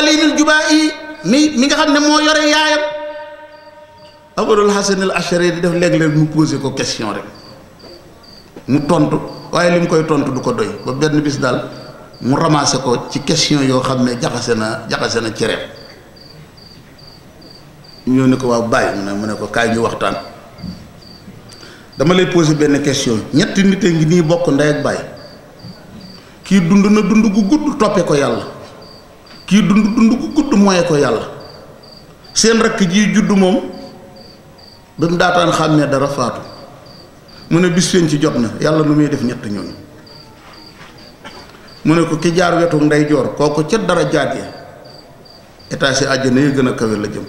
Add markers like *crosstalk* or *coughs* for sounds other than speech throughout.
waliidul jubaa'i mi mi nga xam ne moo yore yaayam abarul hasan al ashari di def léeg-léeg mu posé ko question rek mu tontu waaye li mu koy tontu du ko doy ba benn bis daal mu ramassé ko ci question yoo xam ne jaxase na jaxase na cereem ñoo ne ko waaw bàyyi mu ne mu ne ko kaay ñu waxtaan dama lay posé benn question ñetti nit a ngi nii bokk ndey ak bàyyi kii dund na dund gu gudd toppee ko yàlla kii dund dund gu gudd mooy ko yàlla seen rakk ji judd moom ba mu daataan xàmmee dara faatu mu ne bis fen ci jot na yàlla lu muy def ñett ñooñu mu ne ko ki jaar wetu ndey joor kooku ca dara jaat ya état si àjjana yi gën a kawe la jëm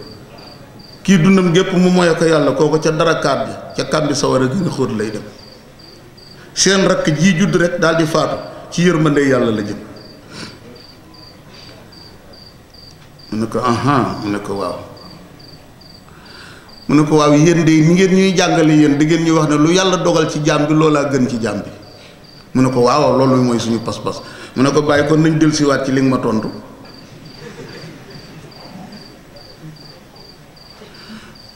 kii dundam gépp mu moye ko yàlla kooku ca dara kaat bi ca kàmbi sa a gën a xóot lay dem seen rakk ji judd rek daal di faatu ci yërmande yàlla la jëm mu ne ko aha mu ne ko waaw mu ne ko waaw yéen de ngeen ñuy jàngale yéen di ngeen ñuy wax ne lu yàlla dogal ci jaam bi loolaa gën ci jaam bi mu ne ko waaw loolu mooy suñu pas-pas mu ne ko bàyyi kon nañ dellu siwaat ci li ma tontu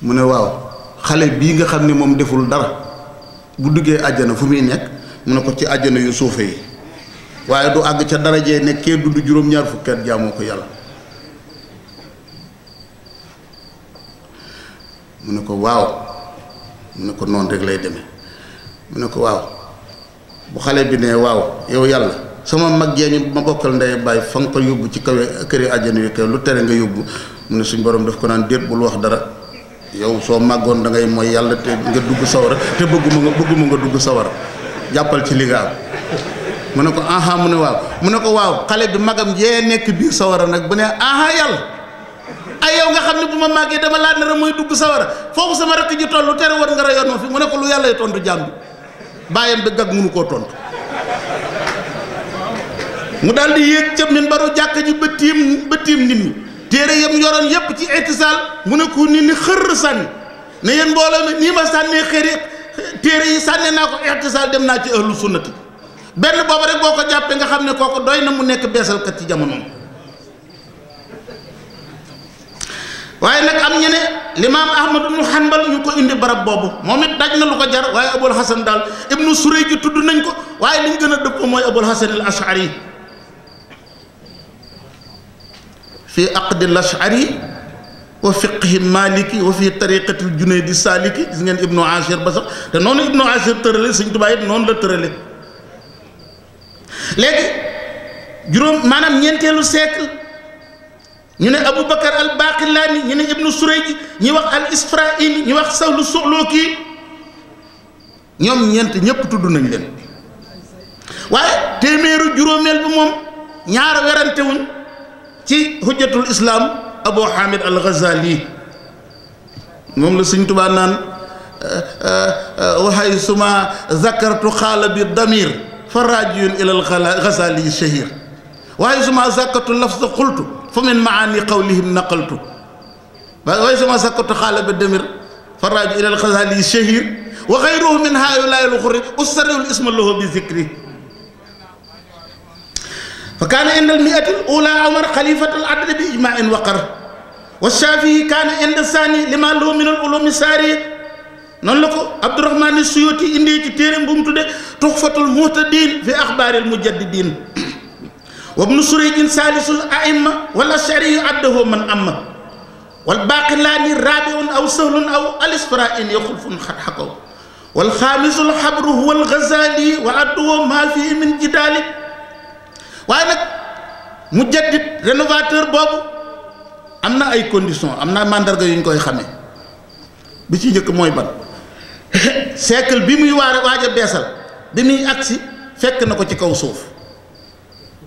mu ne waaw xale bii nga xam ne moom deful dara bu duggee àjjana fu muy nekk mu ne ko ci àjjana yu suufe yi waaye du àgg ca darajee nekkee dund juróom-ñaar fukki at jaamoo ko yàlla mu ne ko waaw mu ne ko noonu rek lay demee mu ne ko waaw bu xale bi ne waaw yow yàlla sama mag jee ñu ma bokkal ndey bàyyi fa yóbbu ci kawe këri àjjana wi kaw lu tere nga yóbbu mu ne suñ borom daf ko naan déet bul wax dara yow soo màggoon da ngay mooy yàlla te nga dugg sawara te bëgguma nga bëgguma nga dugg sawara jàppal ci li am mu ne ko aha mu ne waaw mu ne ko waaw xale bi magam jee nekk biir sawara nag bu ne aha yàlla ay yow nga xam ne bu ma màggee dama laa nar a mooy dugg sawara foofu sama rakk ji tollu tere war nga rayoon ma fi mu ne ko lu yàlla tontu jàmm bàyyam bi gag munu koo tontu mu daal di yéeg ca minbaru jàkk ji ba tiim ba tiim nit ñi téere yam yoroon yépp ci itisaal mu ne ko nit ñi xër sànni ne yéen mbooloo mi nii ma sànnee xëri téere yi sànnee naa ko itisaal dem naa ci ahlu sunnati benn boobu rek boo ko jàppee nga xam ne kooku doy na mu nekk beesalkat ci jamonoom waaye nag am ñu ne limaam ahmad ibnu hanbal ñu ko indi barab boobu moom it daj na lu ko jar waaye abul hasan daal ibnu surey ji tudd nañ ko waaye liñ gën a dëppoo mooy abul hasan al ashari fi aqdi al ashari wa fiqhi maliki wa fi tariqati junaydi saliki gis ngeen ibnu ashir ba sax te noonu ibnu ashir tërale sëñ Tuubaa it noonu la tërale léegi juróom maanaam ñeenteelu siècle ñu ne Abu Bakar al Baqilaani ñu ne Ibnu Surayj ñi wax al Israili ñi wax Sawlu Suxlooki ñoom ñeent ñëpp tudd nañ leen waaye téeméeru juróomeel bi moom ñaar werante wuñ ci hujjatul islaam Abu Hamid al Ghazali moom la Sëñ Tuubaa naan waxay suma zakartu xaala bi damir fa raajiyun ila al Ghazali shahir waxay suma zakartu lafza qultu fa min maani qawlihim naqaltu way sama sakkatu xaala ba demir faraaju ilal xasali shahir wa xayruhu min haayulaay luxuri ustariwul isma lahu bi zikri fa kaana inda al miati l ula omar xalifatal adli bi ijmain waqar wa shafii kaana inda sani lima lahu min al ulumi saari noonu la ko abdourahmani suyuti indi ci téere bu mu tudde tuxfatul muhtadin fi axbaaril mujaddidin wabnu surayjin saalisul aima wala shariyu addahu man amma wal baaqilaani raabiun aw sahlun aw alistrain yaxulfun xat xakaw wal xaamisul xabru huwa al gazali wa adduhu maa fii min jidaali waaye nag boobu am na ay conditions am na mandarga yu ñu koy xamee bi ci njëkk mooy ban *coughs* siècle bi muy waare waaj beesal bi muy agsi fekk na ko ci kaw suuf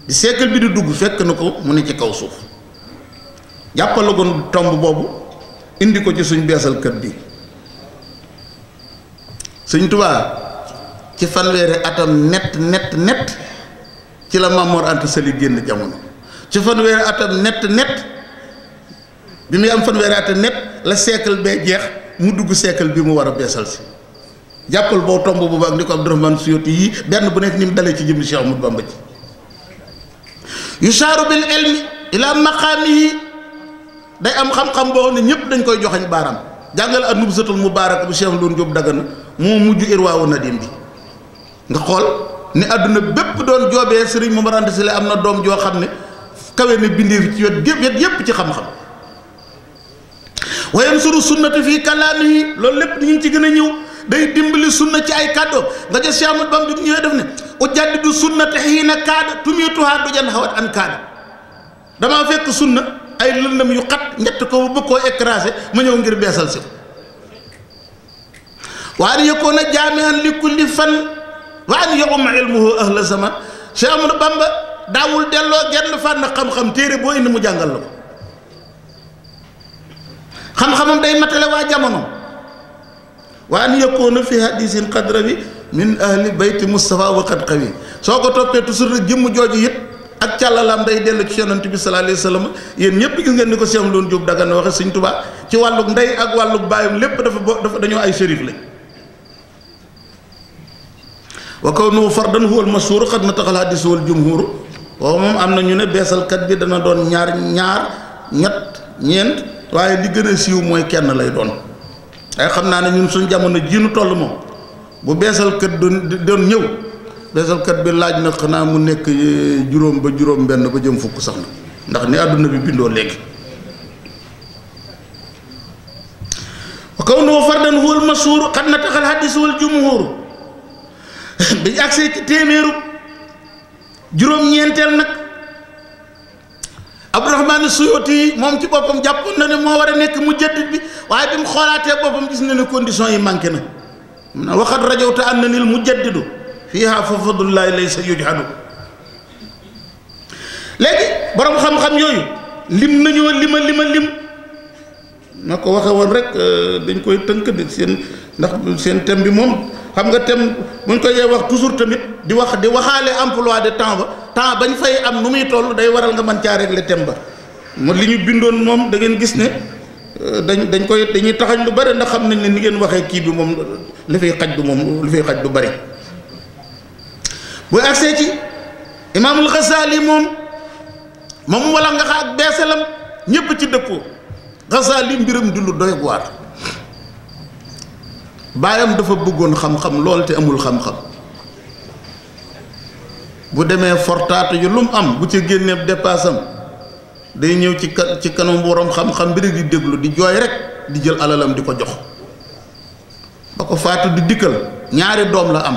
bi siècle bi di dugg fekk na ko mu ne ci kaw suuf jàppalagoon tomb boobu indi ko ci suñ beesal kër bi suñ tubaa ci fanweeri atam net net net ci la Maam Mor Anta Sali génn jamono ci fanweeri atam net net bi muy am fanweeri atam net la siècle bee jeex mu dugg sekkal bi mu war a beesal si jàppal boo tomb boobu ak ni ko Abdourahmane Suyuti yi benn bu nekk ni mu dalee ci jëm Cheikh Ahmadou Bamba ji yu yushaaru bil ilmi ila yi day am xam-xam boo xam ne ñëpp dañ koy joxeñ baaraam jàngale ak nubsatul mubaarak bu Cheikh Ndour Diop Dagana moo mujj irwaawu nadim bi nga xool ni àdduna bépp doon joobee sëriñ Momar Anta Sali am na doom joo xam ne kawe na bindeef ci wet gépp wet yépp ci xam-xam wayan suru sunnati fii kalaami yi loolu lépp dañu ci gën a ñëw day dimbali sunna ci ay kàddoom nga jël Cheikh Ahmadou Bamba bi ñëwee def ne ujaddidu sunnata hiina kaada tumiituhaa dujan hawat an kaada damaa fekk sunna ay lëndëm yu xat ñett ko bu koo écrasé ma ñëw ngir beesal si wa an yakuuna jaamian li kulli fan wa an ya'umma ilmuhu zaman Cheikh Ahmadou daawul delloo genn fànn xam-xam téere boo indi mu jàngal la xam-xamam day matale waa jamono. wa an yakuna fi hadisin qadra bi min ahli bayti Moustapha wa qad qawi soo ko toppee toujours rek jooju it ak càllalaam day dellu ci yonent bi sallallahu alayhi yéen ñëpp gis ngeen ko Cheikh Loon Diop daga na waxe Sëñ Tuubaa ci wàlluk ak wàlluk baayam lépp dafa bo dafa dañoo ay shérif lañ wa kawnuhu fardan huwa al-mashhur qad nataqal hadis wal am na ñu ne beesalkat bi dana doon ñaar ñaar ñett waaye li gën a siiw mooy kenn lay doon ay xam naa ne ñun suñ jamono jiinu nu toll moom bu beesal kët doon ñëw beesal bi laaj na xanaa mu nekk eh, juróom ba juróom benn ba jëm fukk sax na ndax ni àdduna bi bindoo léegi wa kawnuhu fardan huwa al-mashhur qad nataqa al-hadis wal jumhur *laughs* bi agsee ci téeméeru juróom-ñeenteel nag Abdourahmane Suyuti moom ci boppam jàppoon na ne moo war a nekk mu jëddit bi waaye bi mu xoolaatee boppam gis na ne condition yi manqué na mun na waxat rajowta an na nil mu jaddidu fiiha fa fadlullahi laysa yujhadu léegi borom xam-xam yooyu lim nañoo lima lima lim na ko waxe woon rek euh, dañ koy tënk de seen ndax seen thème bi moom xam nga thème buñ ko koy wax toujours tamit di wax di waxaale emploi de temps ba temps bañ fay am nu muy toll day waral nga mën caa régler thème ba mo li ñu bindoon moom dangeen gis ne euh, dañ dañ koy dañuy taxañ lu bari ndax xam nañ ne ni ngeen waxee kii bi moom li fay xaj du moom li fay xaj lu bari bu agsee ci imaamul Xasaali moom moom wala nga xa ak beesalam ñépp ci dëppoo Xasaali mbiram di lu doy waar baayam dafa bëggoon xam-xam lool te amul xam-xam bu demee fortaatu yu lu mu am bu ca génnee dépassam day ñëw ci kan ci kanam boroom xam-xam mbiri di déglu di jooy rek di jël alalam di ko jox ba ko faatu di dikkal ñaari doom la am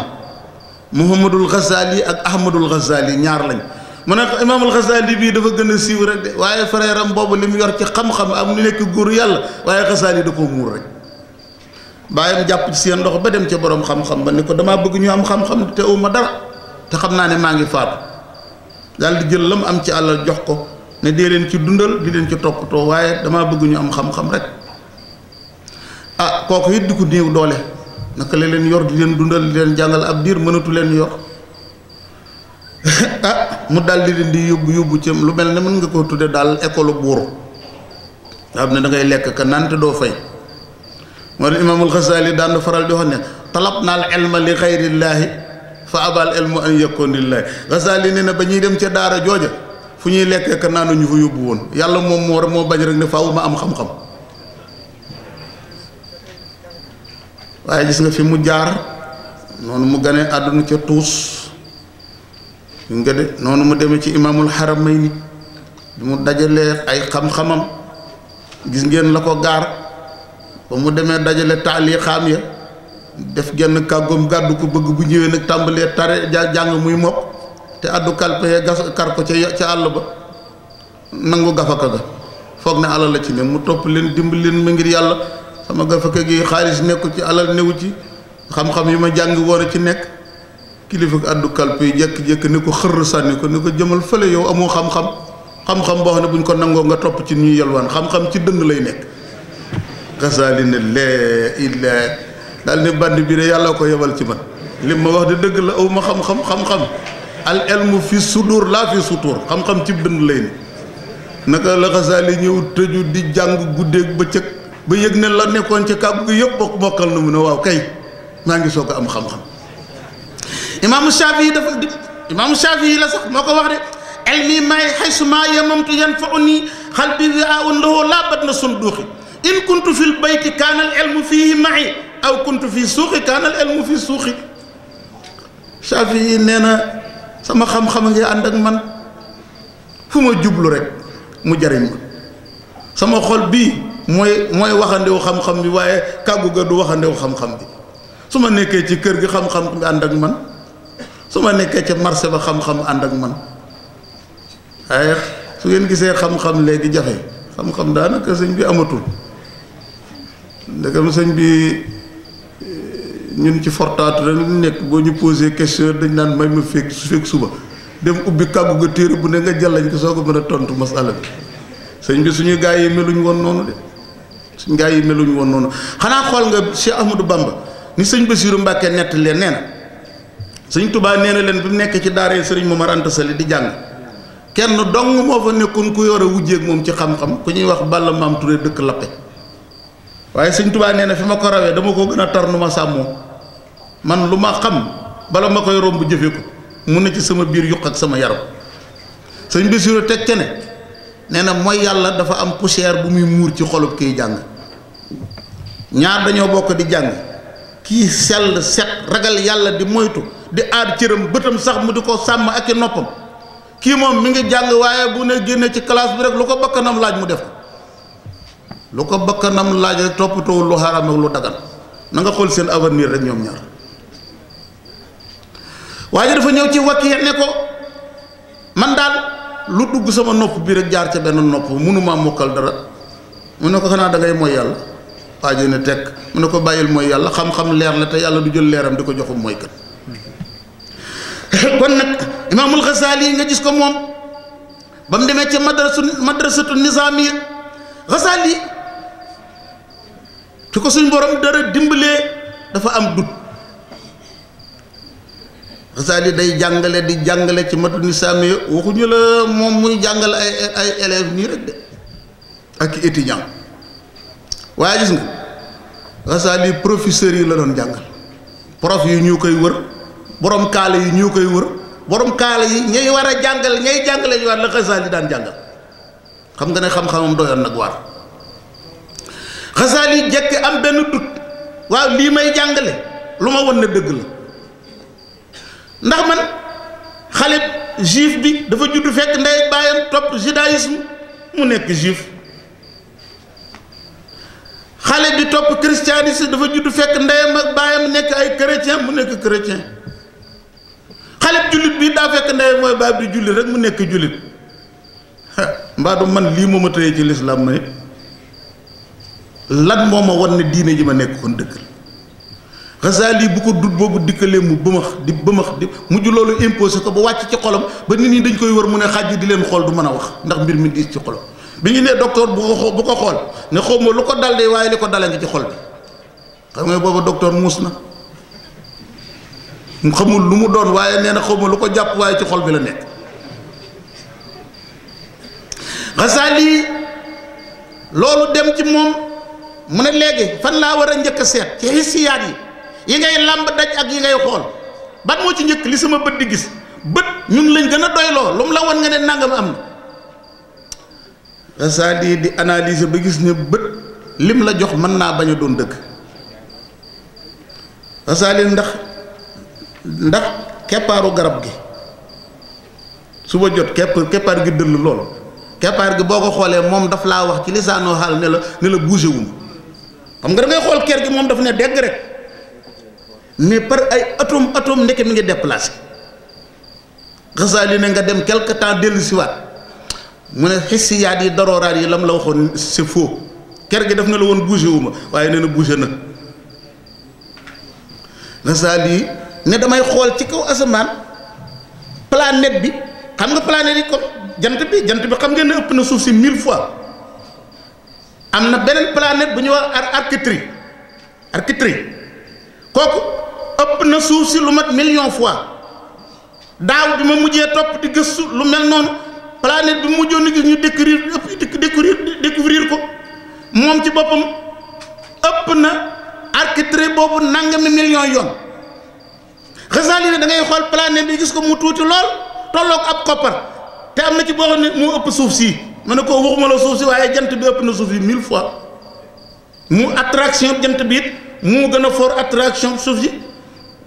muhammadul ghazali ak ahmadul ghazali ñaar lañ mu ne imaamul ghazali bii dafa gën a siiw rek de waaye frère am boobu li mu yor ci xam-xam am lu nekk góor yàlla waaye ghazali da koo muur rek bàyyam jàpp ci seen ndox ba dem ca boroom xam-xam ba ne ko damaa bëgg ñu am xam te uma te xam naa ne maa ngi faatu daal di jël lam am ci àllal jox ko ne dee leen ci dundal di leen ci toppatoo waaye damaa bëgguñu am xam-xam rek ah kooku it di ko néew doole naka la leen yor di leen dundal di leen jàngal ab diir mënatu leen yor *laughs* ah mu daldi di leen di yóbbu yóbbu ci lu mel ne mën nga koo tudde daal école buur nga xam ne da ngay lekk ka naan te doo fay moo tax imaamul Xasaali daan faral di wax ne talab naal elma li xayrillaahi fa abal elmu an yakkoon lillahi lii ne na ba ñuy dem ca daara jooja fu ñuy lekkee ka naanu ñu fa yóbbu woon yàlla moom moo moo bañ rek ne faaw ma am xam-xam waaye gis nga fi mu jaar noonu mu ganee àdduna ca tuus nga de noonu mu demee ci imaamul xaramayni mu dajalee ay xam-xamam gis ngeen la ko gaar ba mu demee dajale taaliixaam ya def genn kàggoom gàddu ko bëgg bu ñëwee nag tàmbalee tare jàng muy mokk te addu kalpe ya gas kar ko ca ca àll ba nangu gafaka ga foog ne alal la ci ne mu topp leen dimbali leen ma ngir yàlla sama gafaka gi xaalis nekku ci alal newu ci xam-xam yi ma jàng woon ci nekk kilifa addu kalpe yi jékki-jékki ni ko xërr sànni ko ni ko jëmal fale yow amoo xam-xam xam-xam boo xam ne buñ ko nangoo nga topp ci ñuy yelwaan xam-xam ci dënd lay nekk gasalina la illa daal ne bandi bi yàlla ko yebal ci man lim ma wax de dëgg la aw ma xam-xam xam-xam al fi sudur laa fi sutur xam-xam ci dënd lay ni naka la xasaali ñëw tëju di jàng guddeeg bëccëg ba yëg ne la nekkoon ci kàggu gi yëpp bokk bokkal na mu ne waaw kay maa ngi soog a am xam-xam imaamu Shaafi dafa imaamu Shaafi la sax moo ko wax de elmi may xaysu maa yamamtu yan fa uni xal bi wi a un lawoo laabat na sunduuxi in kuntu fil bayti kaanal elmu fii ma'i aw kuntu fii suuxi kaanal elmu fii suuxi yi nee na sama xam-xam ngi ànd ak man fu ma jublu rek mu jariñ ma sama xol bii mooy mooy waxandewu xam-xam bi waaye kàggu ga du waxandewu xam-xam bi su ma nekkee ci kër gi xam-xam bi ànd ak man su ma nekkee ca marché ba xam-xam ànd ak man waaye su ngeen gisee xam-xam léegi jafe xam-xam daanaka sëñ bi amatul ndegam sëñ bi ñun ci fortaatu la nekk boo ñu posé question dañ naan may ma fekk su fekk suba dem ubbi kàggu ga téere bu ne nga jàllañ ko soo ko mën a tontu masala bi sëñ bi suñu gaa yi meluñ woon noonu de suñu gaa yi meluñ woon noonu xanaa xool nga si Ahmadou Bamba ni sëñ Bassirou Mbacke nett leen nee na sëñ Touba nee na leen bi mu nekk ci daaree sëriñ Momar Anta Sali di jàng kenn dong moo fa nekkoon ku yore wujjeeg moom ci xam-xam ku ñuy wax Balla Maam Touré dëkk Lappe waaye sëñ Tuubaa nee na fi ma ko rawee dama ko gën a tar nu ma sàmmoo man lu ma xam bala ma koy romb jëfe ko mu ne ci sama biir yuq ak sama yaram sëñ Basiru teg ca ne nee na mooy yàlla dafa am poussière bu muy muur ci xolub kiy jàng ñaar dañoo bokk di jàng kii sell set ragal yàlla di moytu di aar cëram bëtam sax mu di ko sàmm ak i noppam kii moom mi ngi jàng waaye bu ne génne ci classe bi rek lu ko bakkanam laaj mu def ko lu ko bakkanam laaj rek toppatoo lu xaraam ak lu dagan na xool seen avenir rek ñoom ñaar waaye dafa ñëw ci wakki ne ko man daal lu dugg sama nopp bi rek jaar ca benn nopp mënumaa mokkal dara mu ne ko xanaa da ngay mooy yàlla waa ji ne tekk mu ne ko bàyyil mooy yàlla xam-xam leer la te yàlla du jël leeram di ko joxum mooy kat kon nag imaamul Xasaali nga gis ko moom ba mu demee ca madrasu madrasatu nizaamiya Xasaali su ko suñ borom dara dimbalee dafa am dut Xasaali day jàngale di jàngale ci matu ni sàmm waxuñu la moom muy jàngal ay ay élèves nii rek de ak i étudiant waaye gis nga Xasaali professeurs yi la doon jàngal prof yi ñu koy wër borom kaala yi ñu koy wër borom kaala yi ñay war a jàngale ñay jàngale ñu war la yi daan jàngal xam nga ne xam-xamam doyoon nag waar Xasaali jekki am benn dut waaw lii may jàngale lu ma won ne dëgg la ndax man xale juif bi dafa juddu fekk ndey bàyyam topp judaïsme mu nekk juif xale bi topp christianisme dafa juddu fekk ndeyam ak bàyyam nekk ay chrétien mu nekk chrétien xale bi jullit bi daa fekk ndeyam mooy baay bi jullit rek mu nekk jullit mbaa du man lii moom a tëye ci lislaam ma nit lan moo ma wan ne diine ji ma nekkoon dëgg la Ghazali bu ko dut boobu dikkalee mu bëmax di bëmax di mujj loolu imposé ko bu wàcc ci xolam ba nit ñi dañ koy wër mu ne xàjj di leen xool du mën a wax ndax mbir mi diis ci xolam bi ñu nee docteur bu bu ko xool ne xaw ma lu ko dal de waaye ko dala ngi ci xol bi xam nga booba lu mu doon waaye nee na xaw ma lu ko jàpp ci xol bi la nekk loolu dem ci moom. mu ne léegi fan laa war a njëkk a seet ci hissiyaat yi yi ngay làmb daj ak yi ngay xool ban moo ci njëkk li sama bët di gis bët ñun lañ gën a doyloo lu mu la woon nga ne nangam am na cest di analyser ba gis ne bët lim la jox mën naa bañ a doon dëgg cest ndax ndax keppaaru garab gi suba jot kepp keppaar gi dëll lool keppaar gi boo ko xoolee moom daf laa wax ci lisaanoo xaal ne la ne la bougé wum xam nga da xool ker gi moom dafa ne dégg rek mais par ay atome atome ndeke mi ngi déplacé xasaali ne nga dem quelque temps dellu siwaat mu ne xisiyaat yi darooraat yi lam la waxoon si faux ker gi daf na la woon bougé wu ma waaye nee na bougé na xasaali ne damay xool ci kaw asamaan planète bi xam nga planète yi kon jant bi jant bi xam ngeen ne ëpp na suuf si mille fois am na beneen planète bu ñu wax ar Arctrie Arctrie kooku ëpp na suuf si lu mat million fois daaw bi ma mujjee topp di gëstu lu mel noonu planète bi mujjoon na gis ñu découvrir ëpp découvrir découvrir ko moom ci boppam ëpp na Arctrie boobu nangami million yoon Ghazali ne da ngay xool planète bi gis ko mu tuuti lool tolloog ak koppar te am na ci boo xam ne moo ëpp suuf sii ma ne koo waxuma la suuf si waaye jant bi ëpp na suuf yi mille fois mu attraction jant bi it mu gën a fort attraction suuf si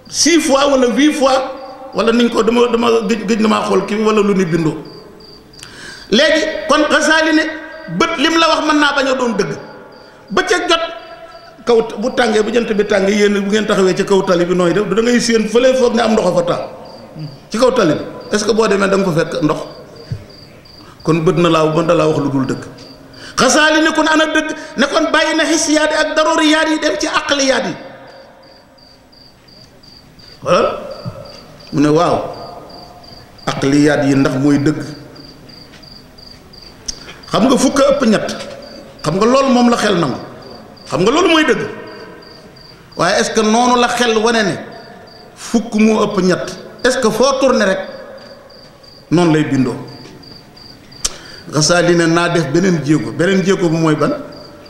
six fois wala huit fois wala niñ ko dama dama gëj gëj damaa xool kii wala lu ni bindoo léegi kon xasaali ne bët la wax mën naa bañ doon dëgg ba ca jot kaw bu tàngee bu jant bi tàngee yéen bu ngeen taxawee ci kaw tali bi nooy def da ngay séen fële foog nga am ndox fa taa ci kaw tali bi est que boo demee da nga ko fekk ndox. kon bët na laa mën na laa wax lu dul dëgg xasaali ne kon ana dëgg ne kon bàyyi na xisiyaat yi ak daruriyaat yi dem ci aqliyaat yi mu ne waaw aqliyaat yi ndax mooy dëgg xam nga fukk ëpp ñett xam nga loolu moom la xel nangu xam nga loolu mooy dëgg waaye est-ce que noonu la xel wane ne fukk moo ëpp ñett est-ce que foo tourné rek noonu lay bindoo Xasaali ne naa def beneen jéego beneen jéego bu mooy ban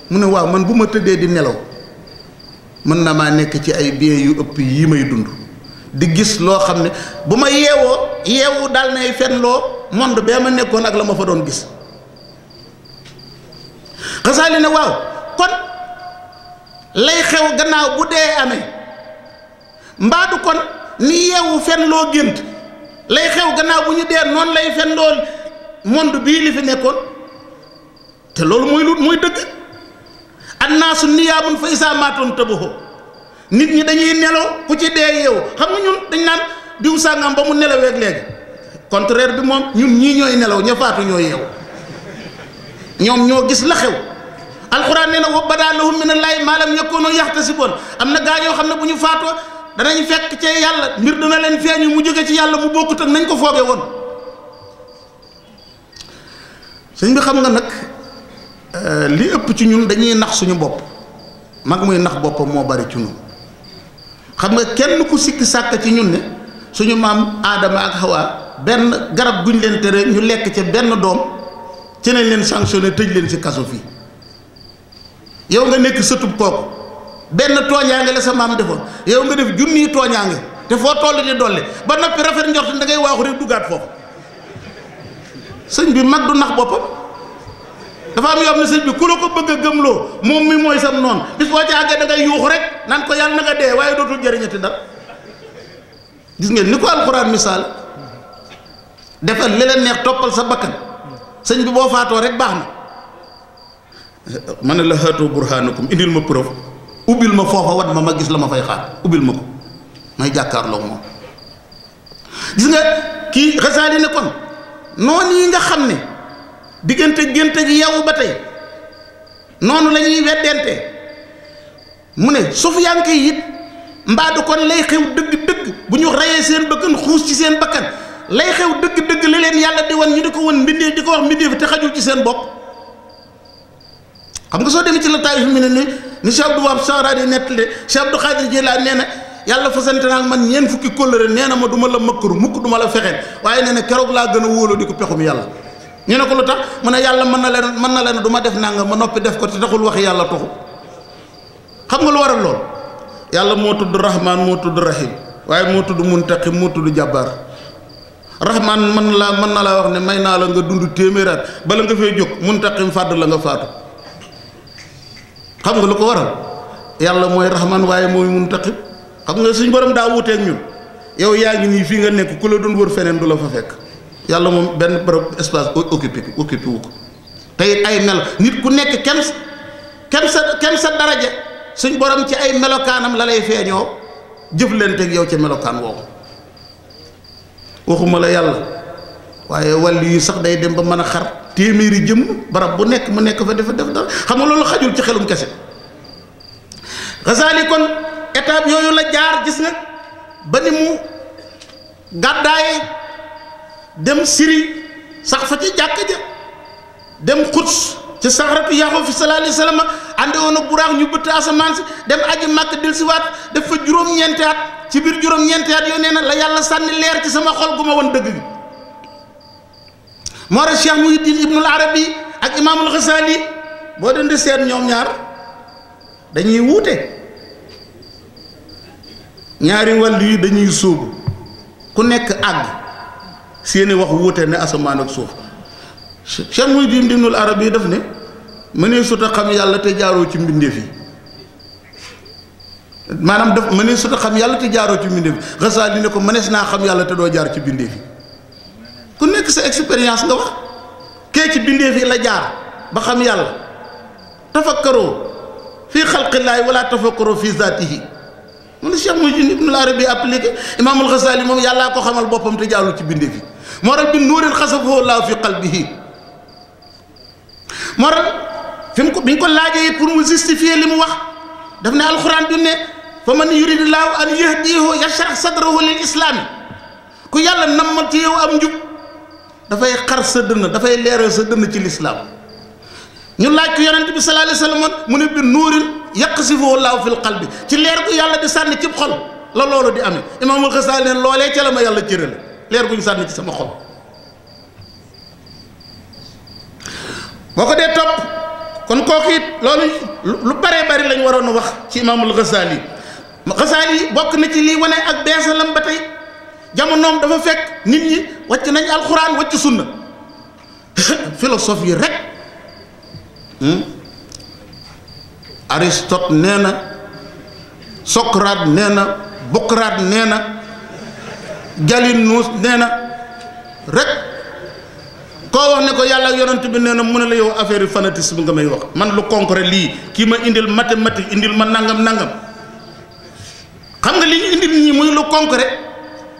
mu ne waaw man bu ma tëddee di nelaw mën na maa nekk ci ay bien yu ëpp yii may dund di gis loo xam ne bu ma yeewoo yeewu daal ay fen loo monde bee ma nekkoon ak la ma fa doon gis Xasaali ne waaw kon lay xew gannaaw bu dee amee mbaadu kon ni yeewu fen loo gént lay xew gannaaw bu ñu dee noonu lay fen lool monde bii li fi nekkoon te loolu mooy lu mooy dëgg annaasu niyaamun fa isaa maatoon tabaxoo nit ñi dañuy nelaw ku ci dee yeewu xam nga ñun dañ naan diw sàngam ba mu nelawee ak léegi contraire bi moom ñun ñii ñooy nelaw ña faatu ñoo yeewu ñoom ñoo gis la xew alxuraan nee na wa badaa lahum min allaahi maa lam yakuunu yaxtasiboon am na gaa yoo xam ne bu ñu faatoo danañ fekk ci yàlla mbir dana leen feeñu mu jóge ci yàlla mu bokkut ak nañ ko fooge woon sëñ bi xam nga nag euh, li ëpp ci ñun dañuy nax suñu bopp mag muy nax boppam moo bari ci ñun xam nga kenn ku sikk sàkk ci ñun ne suñu maam aadama ak Hawa benn garab guñ leen tere ñu lekk ca benn doom ci nañ leen sanctionné tëj leen ci kaso fii yow nga nekk sëtub kooku benn tooñaange la sa maam defoon yow nga def junniy tooñaange te foo toll di dolli ba noppi rafet njort da ngay waaxu rek duggaat foofu sëñ bi mag du nax boppam dafa am yoo ne sëñ bi ku la ko bëgg a gëmloo moom mi mooy sam noon bis boo ci àggee da ngay yuux rek naan ko yàlla na nga dee waaye dootul jëriñati dara gis ngeen ni ko alxuraan misaal defal li leen neex toppal sa bakkan sëñ bi boo faatoo rek baax na ma ne la xaatoo burhaanakum indil ma preuve ubbil ma foofa wat ma ma gis la ma fay xaar ubbil ma ko may jàkkaarloo moom gis nga kii xasaali ne kon noonu yi nga xam ne diggante gént gi yow ba tey noonu la ñuy weddente mu ne sufiyanke it mbaa du kon lay xew dëgg-dëgg bu ñu reyee seen bakkan xuus ci seen bakkan lay xew dëgg-dëgg li leen yàlla di wan ñu di ko wan mbindeef di ko wax mbindeef te xajul ci seen bopp xam nga soo demee ci la taayif mi ne ni ni Cheikh Abdou Wahab Sahrawi nettali Cheikh Abdou Khadir Jilani nee na yàlla fasante naa ak man ñeent fukki kóllëre nee na ma du ma la mëkkaru mukk du ma la fexeel waaye nee na keroog laa gën a wóolu di ko pexum yàlla ñu ne ko lu tax mu ne yàlla mën na leen mën na leen du ma def nanga ma noppi def ko te taxul wax yàlla toxu xam nga lu waral lool yàlla moo tudd rahman moo tudd rahim waaye moo tudd muntaqim moo tudd jàbbaar rahman mën na laa mën na laa wax ne may naa la nga dund téeméeraat bala nga fee jóg muntaqim fàdd la nga faatu nga lu ko waral yàlla mooy rahman waaye mooy muntaqim xam nga suñ borom daa wuuteeg ñun yow yaa ngi nii fii nga nekk ku la doon wër feneen du la fa fekk yàlla moom benn barab espace occupé occupé wu ko te ay mel nit ku nekk kem kem sa kem sa daraja suñ borom ci ay melokaanam la lay feeñoo jëflanteeg yow ci melokaan woowu waxuma la yàlla waaye wàll yi sax day dem ba mën a xar téeméeri jëm barab bu nekk mu nekk fa def def dara xam nga loolu xajul ci xelum kese Ghazali kon. étape yooyu la jaar gis nga ba ni mu gàddaaye dem Syrie sax fa ci jàkk ja dem Quds ci saxratu Yaquub fi sallallahu alayhi wa sallam ànde woon buraax ñu bëtt asamaan si dem aji màkk dellusiwaat def fa juróom-ñeenti ci biir juróom-ñeenti at nee na la yàlla sànni leer ci sama xol gu ma woon dëgg gi moo tax Cheikh Muhiddin Ibnul Arabi ak Imaamul Xasaali boo doon di seet ñoom ñaar dañuy wuute. ñaari wàllu yi dañuy sóobu ku nekk àgg seeni wax wuute ne asamaan ak suuf Cheikh Muhyiddin Ibnul Arabi daf ne mënee sut a xam yàlla te jaaroo ci mbindeef yi maanaam daf mënee sut a xam yàlla te jaaroo ci mbindeef yi Ghazali ne ko mënees naa xam yàlla te doo jaar ci mbindeef yi ku nekk sa expérience nga wax kee ci mbindeef yi la jaar ba xam yàlla tafakkaroo fii xalqillaahi wala tafakkaroo fii zaatihi mu ne Cheikh Muhyiddin Ibn Arabi appliqué Imaamul Ghazali moom yàllaa ko xamal boppam te jaarul ci bindee fi moo tax bi nuurin xasafahu Allahu fi qalbihi moo tax fi mu ko bi ñu ko pour mu justifier li mu wax daf ne alxuraan bi ne fa man yuridillahu an yahdihi yashrah sadrahu lil islaam ku yàlla nammal ci yow am njub dafay xar sa dënn dafay leeral sa dënn ci lislaam ñu laaj ko yonent bi sallallahu alayhi wasallam mu ne bi nuuril yaqsifuhu laahu fil qalbi ci leer yàlla di sànni cib xol la loolu di amee imaamul Xasaali neen loolee ca yàlla cërale leer gu ñu sànni ci sama xol boo ko dee topp kon baree bari lañ waroon a wax ci imaamul Xasaali Xasaali bokk na ci lii wane ak beesalam ba tey jamonoom dafa fekk nit ñi wacc nañ alxuraan wàcc sunna *laughs* philosophe yi rek Hmm? Aristote nee na Socrate nee na Bocrate nee na Galinus nee na rek koo wax ne ko yàlla ak yonent bi nee na mu ne la yow affaire yu fanatisme nga may wax man lu concret lii kii ma indil mathématique indil ma nangam nangam xam nga li ñu indil ñi muy lu konkre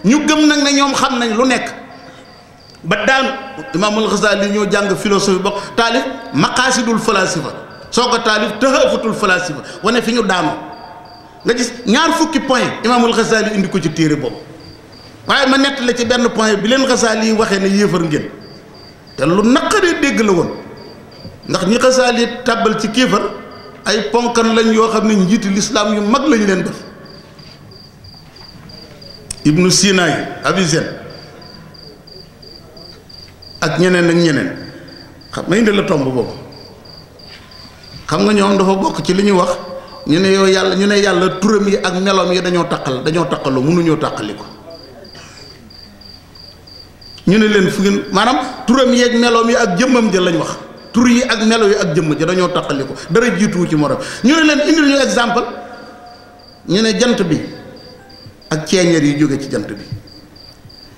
ñu gëm nag ne ñoom xam nañ lu nekk. ba daan imaamul Xasaali ñoo jàng philosophie bokk taalif maqaasidul fa soo ko taalif tëhëfatul falaasifa wane fi ñu daanoo nga gis ñaar fukki point imaamul Xasaali indi ko ci téere boobu waaye ma nett la ci benn point bi leen Xasaali yi waxee ne yéefar ngeen te lu naqaree dégg la woon ndax ñi Xasaali tàbbal ci kéefar ay ponkan lañ yoo xam ne njiiti lislaam yu mag lañu leen def ibnu Sina yi ak ñeneen ak ñeneen xam ma indi la tomb boobu xam nga ñoom dafa bokk ci li ñu wax ñu ne yow yàlla ñu ne yàlla turam yi ak meloom yi dañoo taqal dañoo taqalu mënuñoo taqali ko ñu ne leen fu ngeen maanaam turam yi ak meloom yi ak jëmmam ja lañ wax tur yi ak melo yi ak jëmm ja dañoo taqali ko dara jiituwu ci morom ñu ne leen indil ñu exemple ñu ne jant bi ak ceeñeer yi jóge ci jant bi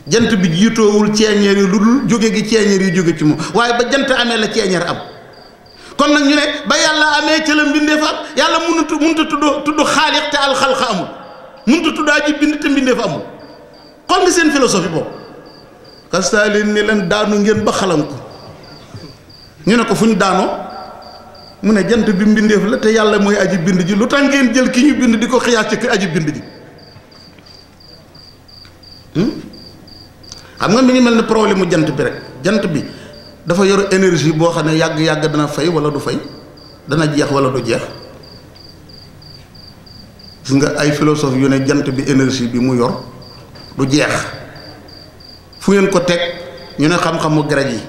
jant bi jiitoowul ceeñeer yi lu dul jóge gi ceeñeer yi jóge ci moom waaye ba jant amee la ceeñeer am kon nag ñu ne ba yàlla amee ca la mbindeef am yàlla mënut mënut a tudd tudd xaaliq te alxalqa amul mënut a tudd aji bind te mbindeef amul xool nga seen philosophie boobu kastaa leen leen daanu ngeen ba ko ñu ne ko fu ñu daanoo mu ne jant bi mbindeef la te yàlla mooy aji bind ji lu tax ngeen jël ki ñu bind di ko xiyaas ci aji bind ji hmm? xam nga mi ngi mel ni problème mu jant bi rek jant bi dafa yor énergie boo xam ne yàgg-yàgg dana fay wala du fay dana jeex wala du jeex gis nga ay philosophe yu ne jant bi énergie bi mu yor du jeex fu ngeen ko teg ñu ne xam-xamu grec yi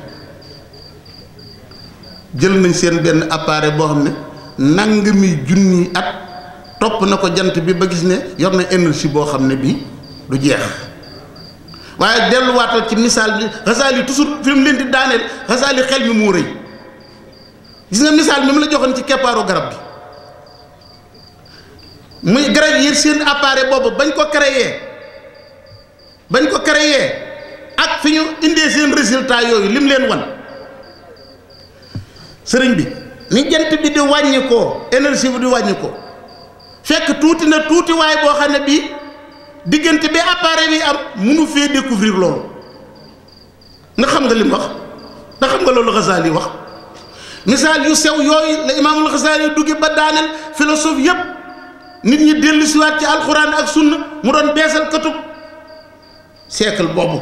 jël nañ seen benn appareil boo xam ne nangami junni at topp na ko jant bi ba gis ne yor na énergie boo xam ne bii du jeex waaye delluwaatal ci misaal bi xasaal yi toujours fi mu leen di daaneel xasaal yi xel mi moo rëy gis nga misaal mi mu la joxoon ci keppaaru garab gi muy garab yi seen appareil boobu bañ ko créé bañ ko créé ak fi ñu indee seen résultat yooyu lim leen wan sëriñ bi mu jant bi di wàññi ko énergie di wàññi fekk tuuti na tuuti waaye boo xam ne bii diggante bi appareil bi am munu fee découvrir loolu ndax xam nga li mu wax ndax xam nga loolu Xasaali wax misaal yu sew yooyu la imaamul Xasaali dugge ba daaneel philosophe yépp nit ñi dellu siwaat ci alxuraan ak sunna mu doon beesal katub siècle boobu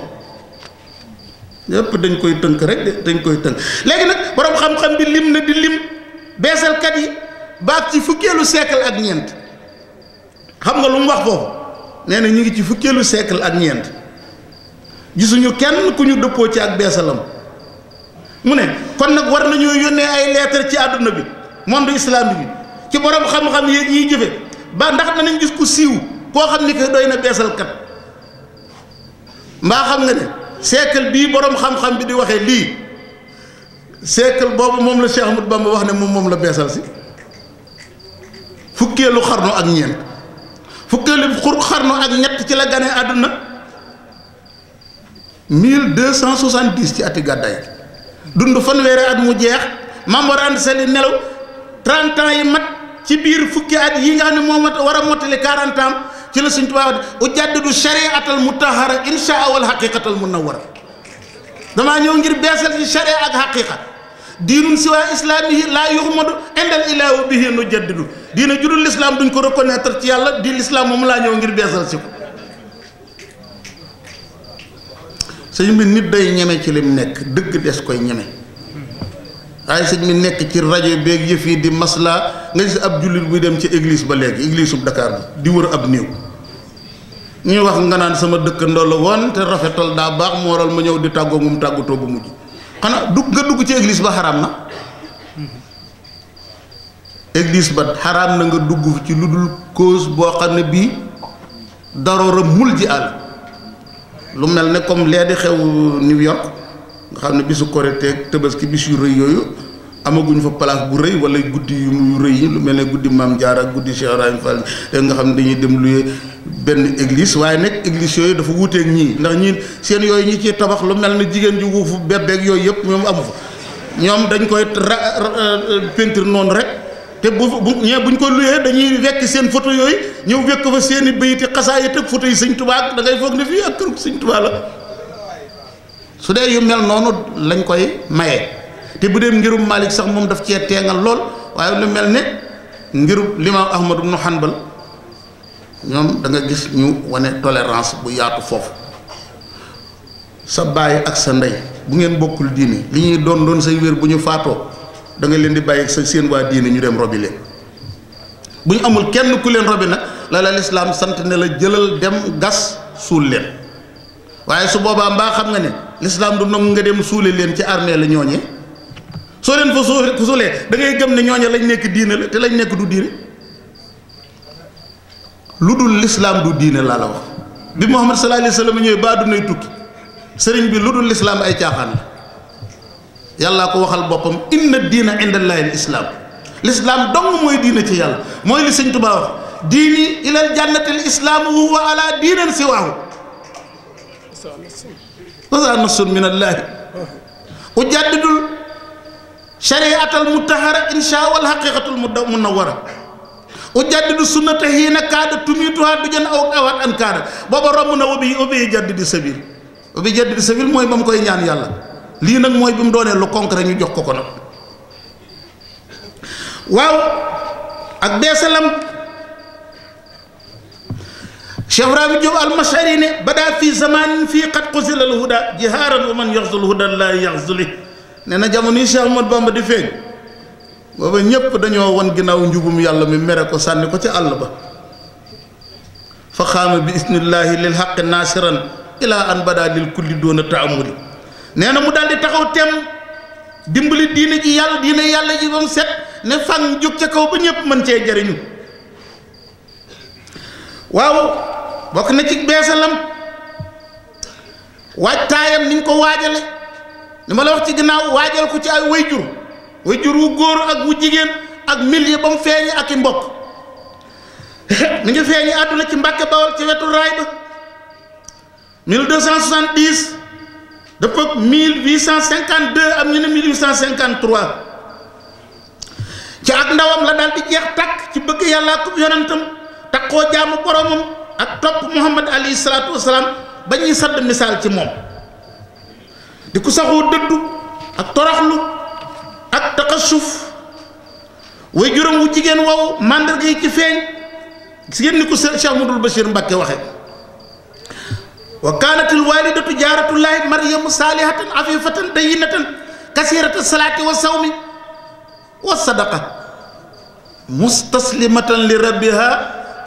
yépp dañ koy tënk rek dañ koy tënk léegi nag borom xam-xam bi lim na di lim beesalkat yi baat ci fukkeelu siècle ak ñeent xam nga lu mu wax foofu nee na ñu ngi ci fukkeelu siècle ak ñeent gisuñu kenn ku ñu dëppoo ci ak beesalam mu ne kon nag war nañoo yónnee ay lettre ci àdduna bi monde islamique bi ci borom xam-xam yi ñuy jëfe ba ndax danañ gis ku siiw koo xam ni que doy na beesalkat mbaa xam nga ne siècle bii boroom xam-xam bi di waxee lii siècle boobu moom la Cheikh Ahmadou Bamba wax ne moom moom la beesal si fukkeelu xarnu ak ñeent. fukkeelu xur xarnu ak ñett ci la gane àdduna 1270 ci ati gàddaay dund fanweeri at mu jeex Maam Mor Anta nelaw 30 ans yi mat ci biir fukki at yi nga xam ne moo mat war a mottali 40 ci la Sëñ Tuubaa u jàddidu shariatal mutahara insha wal haqiqatal munawwara damaa ñëw ngir beesal ci sharia ak haqiqa diinun siwaa islaamihi laa yuxmadu indal ilaahu bihi nu jaddidu diina judul lislaam duñ ko reconnaître ci yàlla di lislaam moom laa ñëw ngir beesal si ko sëñ bi nit day ñeme ci lim nekk dëgg des koy ñeme waaye sëñ bi nekk ci rajo beeg yëf yi di maslaa nga si ab jullit buy dem ci église ba léegi église ub Dakar bi di wër ab néew ñuy wax nga naan sama dëkk la woon te rafetal daa baax moo waral ma ñëw di tàggoo ngum tàggatoo bu mujj xanaa dugg nga dugg ci église ba xaraam na église ba xaraam na nga dugg ci lu dul cause boo xam ne bii daroora mul ji àll lu mel ni comme lee di xew New York nga xam ne bisu Korite ak Tabaski bis yu rëy yooyu amaguñ fa place bu rëy wala guddi yu rëy yi lu mel ne guddi Maam Jaara ak guddi Cheikh Ibrahima Fall nga xam ne dañuy dem luye benn église waaye nag église yooyu dafa wuuteeg ñii ndax ñii seen yooyu ñii ci tabax lu mel ne jigéen ju wuufu bébbeeg yooyu yëpp ñoom amu fa ñoom dañ koy ra noonu rek te bu bu ñee buñ ko luyee dañuy wekk seen foto yooyu ñëw wekk fa seeni i bayiti xasaayit ak photo yi sëñ tubaak da ngay foog ne fii ak kër sëñ Tuubaa dee yu mel noonu lañ koy maye te bu dee ngirum Malik sax moom daf cee teengal lool waaye lu mel ne ngirub limaam Ahmad ibnu Hanbal ñoom da gis ñu wane tolérance bu yaatu foofu sa baay ak sa ndey bu ngeen bokkul diine li ñuy doon doon say wér bu ñu faatoo da leen di bàyyi sa seen waa diine ñu dem robi leen bu ñu amul kenn ku leen robi nag la la lislaam sant ne la jëlal dem gas suul leen waaye su boobaa mbaa xam nga ne lislaam du nangu nga dem suule leen ci armée la ñooñee soo leen fa suuf da ngay gëm ne ñooña lañ nekk diine la te lañ nekk du diine dul lislaam du diine laa la wax bi Muhammad sallallahu sëriñ bi lu dul lislaam ay caaxaan la ko waxal boppam inna diina indallahi al islaam lislaam dong mooy diina ci yàlla mooy li sëñ Tuubaa diini ilal jannati al islaamu wa huwa ala diinan siwaahu wasa nasun min allaahi u jaddidul shari'atal mutahara insha wal haqiqatul munawwara ujaddidu sunnata hiina kaada tumituha dujan aw awat an booba romb na ubi ubi jaddidi sabil ubi jaddidi sabil mooy ba mu koy ñaan yàlla lii nag mooy bi mu doonee lu concret ñu jox ko ko nag waaw ak beesalam Cheikh Ibrahima Diop al-Mashari ne bada fi zamanin fii qad qusila al huda jihaaran wa man yaxzul huda laa yaxzuli nee na jamono yi Cheikh Ahmad Bamba di feeñ booba ñépp dañoo won ginnaaw njubum yàlla mi mere ko sànni ko ci àll ba fa xaama bi ismillaahi lil xaqi naasiran ilaa an badaa lil kulli doona taamuli nee na mu daal di taxaw tem dimbali diine ji yàlla diine yàlla ji ba mu set ne fang jóg ca kaw ba ñépp mën cee jariñu waaw bokk na ci beesalam waajtaayam niñ ko waajale li ma la wax ci ginnaaw waajal ko ci ay wayjur wayjur wu góor ak wu jigéen ak milieu ba mu feeñi ak i mbokk *laughs* mi ngi feeñi àdduna ci Mbàkke Bawol ci wetu raay ba 1270 dafa 1852 am ñu ne 1853 ci ak ndawam la daal di jeex takk ci bëgg yàlla ak yonentam takkoo jaamu boromam ak topp Muhammad alayhi salaatu wasalaam ba ñuy sadd misaal ci moom di ko saxoo dëddu ak toraxlu ak taqasuf way juróom jigéen wow màndarga yi feeñ gis ngeen ni ko Cheikh Mouhamadoul Bachir waxe wa kaanat alwalidatu jaaratullahi maryamu saalihatan afifatan dayinatan kasirata salaati wa sawmi wa sadaqa mustaslimatan li rabbiha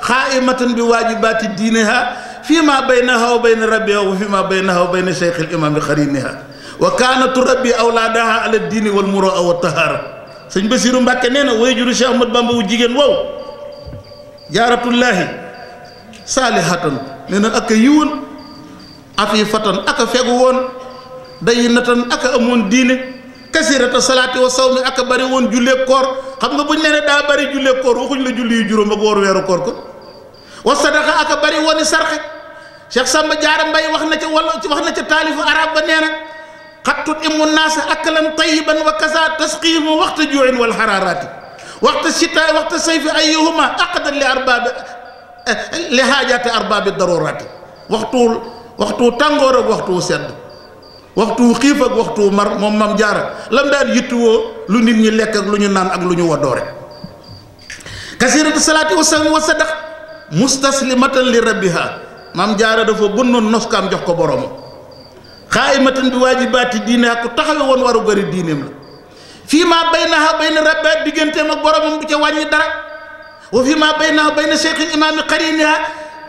xaaimatan bi waajibaati diiniha fi ma baynaha wa bayna rabbiha wa fi ma baynaha wa bayna cheikh al imami xariniha wa kaana turabbi awlaadaha ala diini wal muraa wa tahaara sëñ Basiiru Mbàkke nee na way juru Cheikh Ahmad Bamba wu jigéen wow jaaratullaahi saalihatan nee na ak a yiwoon afifatan ak fegu woon dayinatan ak a amoon diine kasirata salaati wa sawmi ak a bëri woon julleeg koor xam nga bu ñu nee daa bëri julleeg koor waxuñ la julli yu juróom ak woor weeru koor ko wa sadaqa ak a woon i sarxe Cheikh Samba Diarra Mbaye wax na ca wala wax na ca taalifu xat tutimu naasa akalan tayiban wa kasa wa waxta juuin wal xaraaraati waxta sitaa waxta sayfi ayuhuma aqdan li arbaabi li haajaati arbaabi daruraati waxtu waxtu tàngoor ak waxtu sedd waxtu xiif ak waxtu mar moom mam jaara lam daan yittuwoo lu nit ñi lekk ak lu ñu naan ak lu ñu wadoore kasiratu salaati wa sami wa sadaq mustaslimatan li rabbiha mam jaara dafa bunnoon noskaam jox ko boroomu xaayimatan bi waajibaati diine ak ku taxawe woon waru gari diineem la fii maa bay naxa bay na rabbaat digganteem ak boromam bu ca wàññi dara wa fii maa bay naxa bay na seexi imaami xariniha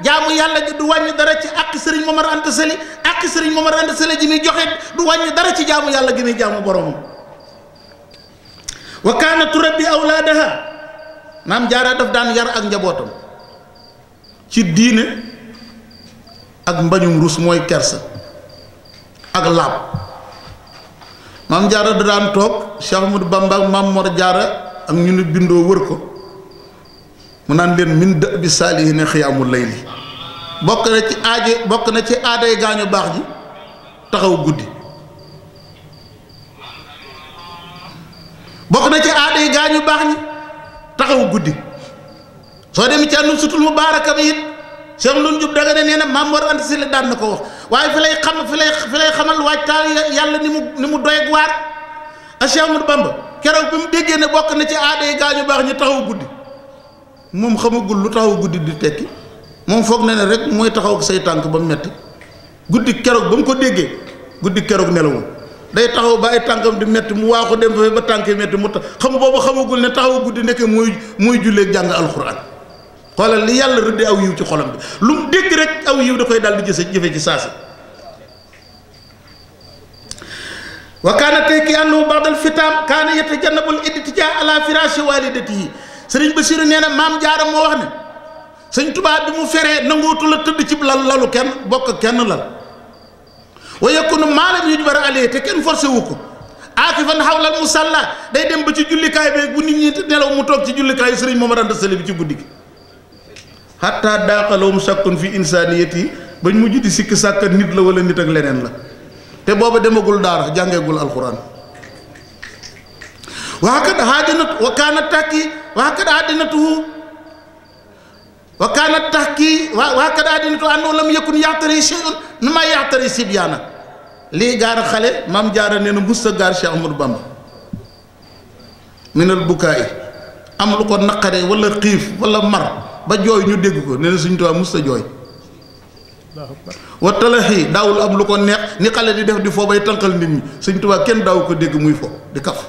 jaamu yàlla ji du wàññi dara ci àq sëriñ Momar Anta Sali àq sëriñ Momar Anta Sali ji muy joxe du wàññi dara ci jaamu yàlla gi muy jaamu boromam wa kaana turabbi awlaadaha maam jaara daf daan yar ak njabootam ci diine ak mbañum rus mooy kersa ak laab maam jaara da daan toog Cheikh Ahmadou Bamba maam Mor jaara ak ñu nu bindoo wër ko mu naan leen min dë bi saalihi ne xiyaamul li bokk na ci aaje bokk na ci aaday gaañu baax ji taxaw guddi bokk na ci aaday gaañu baax ñi taxaw guddi soo demee ci ànnu sutul mu baaraka it Cheikh Ndour Diop Dagana nee na Mame Mor Anta Sali daan na ko wax waaye fi lay xam fi lay fi lay xamal waajtaal yàlla ni mu ni mu doy waar a Cheikh Amadou Bamba keroog bi mu déggee ne bokk na ci aada yi gaañu baax ñu taxaw guddi moom xamagul lu taxaw guddi di tekki moom foog ne ne rek mooy taxaw ak say tànk ba mu metti guddi keroog ba mu ko déggee guddi keroog nelawul day taxaw ba ay tànkam di metti mu waaxu dem fa ba tànkee metti mu tax xam boobu xamagul ne taxaw guddi nekk mooy muy jullee jàng alxuraan xoolal li yàlla rëddee aw yiw ci xolam bi lu mu dégg rek aw yiw da koy daal di jëse jëfe ci saasi wa kaana tey ki annahu ba'dal fitaam kaana yatajannabul ittijaa ala firaashi waalidatihi sëriñ Basiru nee na maam Jaara moo wax ne sëñ tubaab bi mu feree nangootu la tëdd ci lal lalu kenn bokk kenn lal wa yakunu maa lam yujbar alayhi te kenn forcé wu ko aakifan hawlal musalla day dem ba ci jullikaay beeg bu nit ñi nelaw mu toog ci jullikaayu sëriñ Mamadu Anta Sali bi ci guddi xatta daaqalawum sàkkun fi insaniyat yi bañ mujj di sàkka nit la wala nit ak leneen la te booba demagul daara jàngeegul alquran waxakat haadinat wa kaanat tàkki waxakat haadinatuhu wa kaanat tàkki waxakat haadinatu àndoon lam yëkkun yaxtari shay'un nu may yaxtari sibyaana lii gaara xale maam jaara nee na musta gaar Cheikh Ahmadou Bamba minal bukaay am lu ko naqaree wala xiif wala mar ba jooy ñu dégg ko nee na Sëriñ Tuubaa mës jooy wa daawul am lu ko neex ni xale di def di foo bay nit ñi Sëriñ Tuubaa kenn daaw ko dégg muy fo di kaf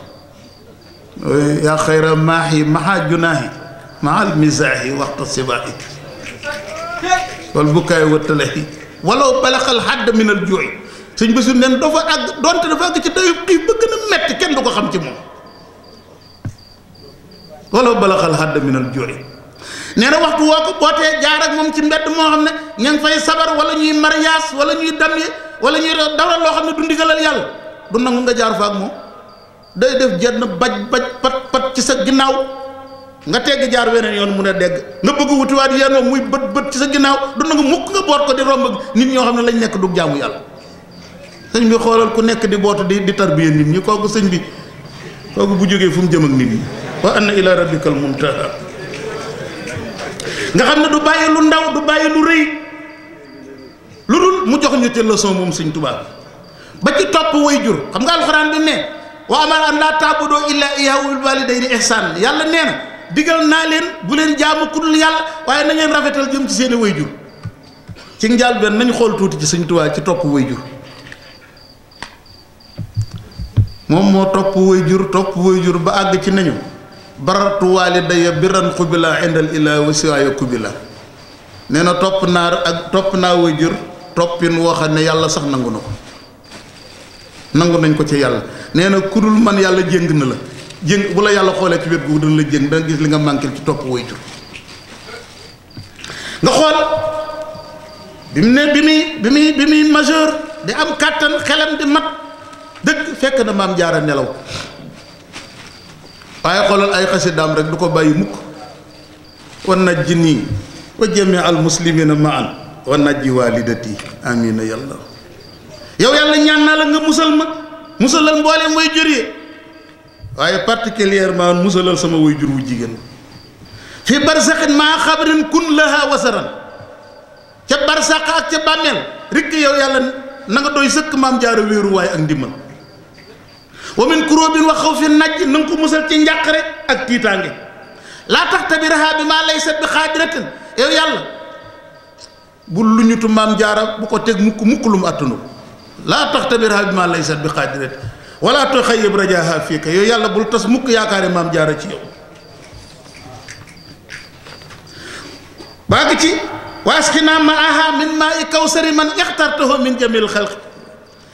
yaa xayra maaxi maxa junaahi maxal wal bukkaay wa talaxi walaw balaxal xadd minal jooy sëñ Basiru neen dafa àgg donte dafa àgg ci dayu xiif ba gën a metti kenn du ko xam ci moom walaw balaxal xadd minal jooy nee na waxtu woo ko bootee jaar ak moom ci mbedd moo xam ne ña ngi fay sabar wala ñuy mariage wala ñuy damye wala ñuy dawal loo xam ne du ndigalal yàlla du nangu nga jaar fa ak moom day def jenn baj baj pat pat ci sa ginnaaw nga tegg jaar weneen yoon mu ne dégg nga bëgg wutiwaat yéen moom muy bët bët ci sa ginnaaw du nangu mukk nga boot ko di romb nit ñoo xam ne lañ nekk du jaamu yàlla sëñ bi xoolal ku nekk di bootu di di tarbiya nit ñi sëñ bi kooku bu jógee fu mu jëm ak nit ñi wa anna ila rabbikal muntaha nga xam ne du bàyyi lu ndaw du bàyyi lu rëy lu dul mu jox ñu ci leçon moom sëñ Tuubaa ba ci topp way jur xam nga alxuraan bi ne wa amar an laa taabudoo illaa iyyaahu bil waalidayni ihsaan yàlla nee diggal naa leen bu leen jaamu ku dul yàlla waaye na ngeen rafetal jëm ci seeni way jur ci njaal benn nañu xool tuuti ci sëñ Tuubaa ci topp way jur moom moo topp way jur topp way jur ba àgg ci nañu barartu waalidaya biran xubila indal ilaa wasiwaaya kubila nee na topp naa ak topp naa wajur toppin woo xam ne yàlla sax nangu na ko nangu nañ ko ci yàlla nee na ku man yàlla jéng na la jéng bu la yàlla xoolee ci wet gu dana la jéng dana gis li nga manqué ci topp wajur nga xool bi mu ne bi muy bi muy bi di am kàttan xelam di mat dëgg fekk na maam jaara nelaw waaye xoolal ay xasidaam rek du ko bàyyi mukk wa najji nii wa jamii al muslimina ma an wa najji walidati amina yàlla yow yàlla ñaan naa la nga musal ma musalal mbooleem way jur yi waaye particulièrement musalal sama way wu jigéen fi barsaxin maa xabrin kun laha wasaran ca barsax ak ca bàmmeel rikk yow yàlla na nga doy sëkk maam jaara wéeruwaay ak ndimbal wa min kuróobin wa xaw fi najj na ko musal ci njàqare ak tiitaange laa tax tabiraha bi maa laysat bi xaadiratin yow ko teg mukk laa tax tabiraha bi maa laysat bi xaadiratin wala toxayib yow yàlla bul tas mukk yaakaari maam jaara ci yow baa ngi ci waasqinaa maaha min maa i kawsari man ixtartahu min jamil xalqi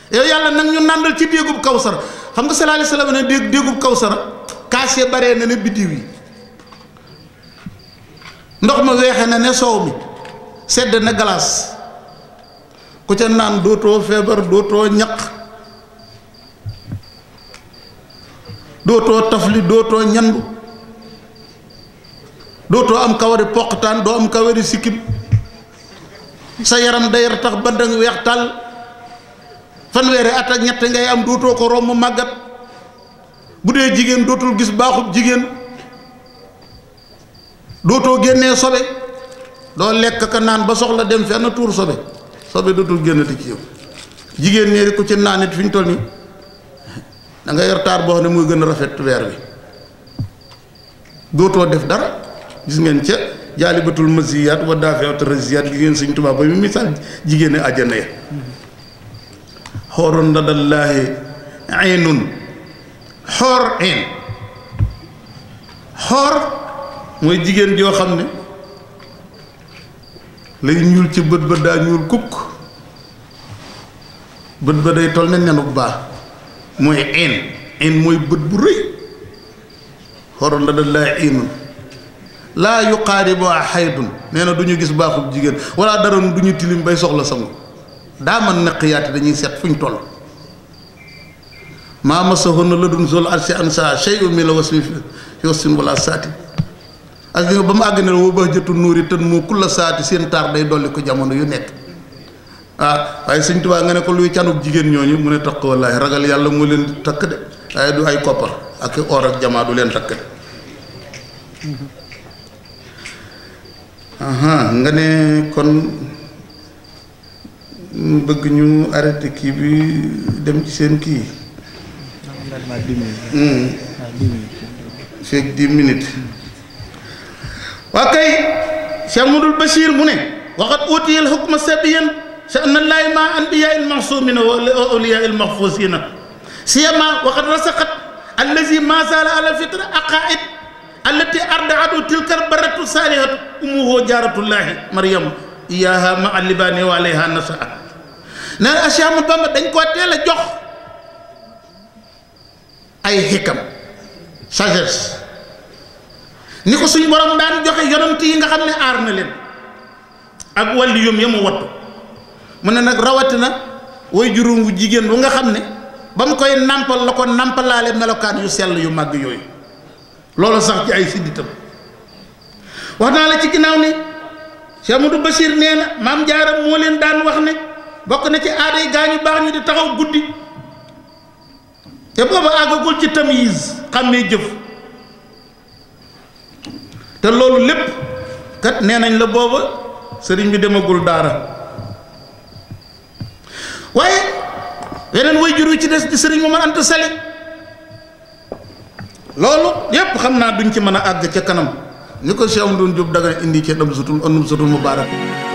yow yàlla nag ñu ci déegub kawsar xam nga sallallahu alayhi wasallam ne dégg déggub kawsara kaas ya baree na ne biddiw yi ndox ma weexe na ne soow mi sedd na galaas ku ca naan dootoo feebar dootoo ñaq dootoo tafli dootoo ñandu dootoo am kawari poqtaan doo am kawari sikkim sa yaram day tax ba dang weex tàll fanweeri at ak ñett ngay am dootoo ko romb màggat bu dee jigéen dootul gis baaxub jigéen dootoo génnee sobe doo lekk ka naan ba soxla dem fenn tuur sobe sobe dootul génnati ci yow jigéen ñi ku ci naan it fi ñu toll nii danga nga yor taar boo xam ne muy gën a rafet weer bi dootoo def dara gis ngeen ca jaalibatul masiyaat wa daafiatul raziyaat gis ngeen Sëñ tubaab ba mu misaal jigéen ñi àjjana xoorun ladallaahi aynun xoor ayn xoor mooy jigéen joo xam ni lay ñuul ci bët ba daa ñuul kukk bët ba day toll ne nenub baax mooy ayn ayn mooy bët bu rëy xoorun ladallaahi aynun laa yuqaaribu xaydun nee na du ñu gis baaxul jigéen wala dara du ñu tilim bay soxla sangu daa man naqiyaati dañuy seet fu ñu toll maa masahunna ladun zul arsi ansa shay'un min la wasmi yosin wala saati as di nga ba mu àgg ne woo ba jëtu nuuri tën moo kulla saati seen taar day dolli ko jamono yu nekk ah waaye nga ne ko luy jigéen ñooñu mu ne takk wallaahi ragal yàlla leen takk ay koppar ak or ak leen takk nga ne kon ñu bëgg ñu arrêté kii bi dem ci seen kii. Hmm. feeg dix minutes waa kay Cheikh Modou Bachir bu ne waxat uutiyal sabiyan sha'na llaahi ma anbiyaa il maxsuumina wa awliyaa il maxfuusina siyama waxat rasaqat allazi ma zaala ala fitra aqaid allati ardaatu tilkal baratu saalihatu umuhu jaaratullaahi maryam iyaha ma alibaani wa alayha nasaa nee na Cheikh dañ koo teel a jox ay xikam sagesse ni ko suñ borom daan joxe yonent yi nga xam ne aar na leen ak wàllu yom ya wattu mu ne nag rawatina way juróom wu jigéen wu nga xam ne ba mu koy nàmpal la ko nàmpalaale melokaan yu sell yu màgg yooyu loolu sax ci ay sidditam wax naa la ci ginnaaw ni Cheikh Amadou Bachir nee na maam jaaram moo leen daan wax ne bokk na ci aada yi gaa ñu baax ñu di taxaw guddi te booba àggagul ci tamise xàmmee jëf te loolu lépp kat nee nañ la booba sëriñ bi demagul daara waaye weneen way juru ci des di sëriñ Momar Anta Sali loolu yépp xam naa duñ ci mën a àgg ca kanam ni ko Cheikh doon Diop daga indi ci ndam sutul ëndum sutul mu baarak